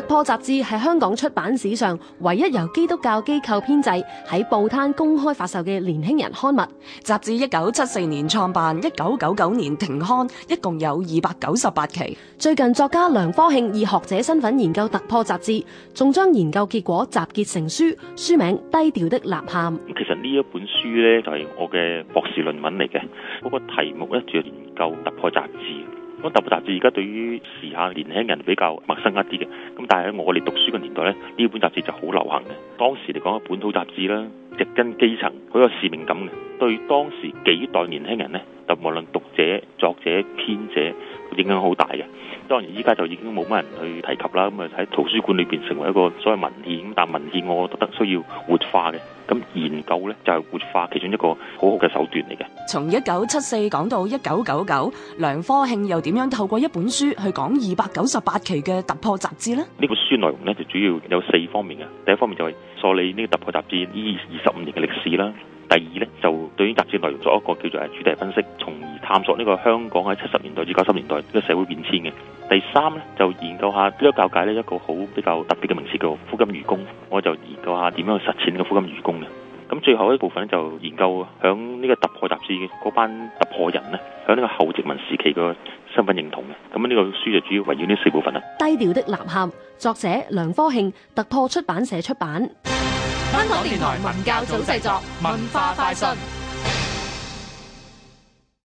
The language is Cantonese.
突破雜誌係香港出版史上唯一由基督教機構編製喺報攤公開發售嘅年輕人刊物。雜誌一九七四年創辦，一九九九年停刊，一共有二百九十八期。最近作家梁科慶以學者身份研究突破雜誌，仲將研究結果集結成書，書名《低調的吶喊》。其實呢一本書呢，就係我嘅博士論文嚟嘅，嗰個題目呢，主要研究突破雜誌。咁突破雜誌而家對於時下年輕人比較陌生一啲嘅。但係喺我哋讀書嘅年代咧，呢本雜誌就好流行嘅。當時嚟講，本土雜誌啦，植根基層，嗰個使命感嘅，對當時幾代年輕人呢。就無論讀者、作者、編者，影響好大嘅。當然依家，就已經冇乜人去提及啦。咁啊喺圖書館裏邊成為一個所謂文獻，但文獻我覺得需要活化嘅。咁研究咧就係活化其中一個好好嘅手段嚟嘅。從一九七四講到一九九九，梁科慶又點樣透過一本書去講二百九十八期嘅突破雜誌呢？呢個書內容咧就主要有四方面嘅。第一方面就係梳理呢個突破雜誌呢二十五年嘅歷史啦。第二咧就對於雜誌內容做一個叫做主題分析，從而探索呢個香港喺七十年代至九十年代呢個社會變遷嘅。第三咧就研究一下呢個教界咧一個好比較特別嘅名詞叫做「呼金漁工」，我就研究一下點樣去實踐呢個呼金漁工嘅。咁最後一部分咧就研究響呢個突破雜誌嘅嗰班突破人咧，響呢個後殖民時期嘅身份認同嘅。咁呢個書就主要圍繞呢四部分啦。低調的呐喊，作者梁科慶，突破出版社出版。香港電台文教組製作《文化快訊》。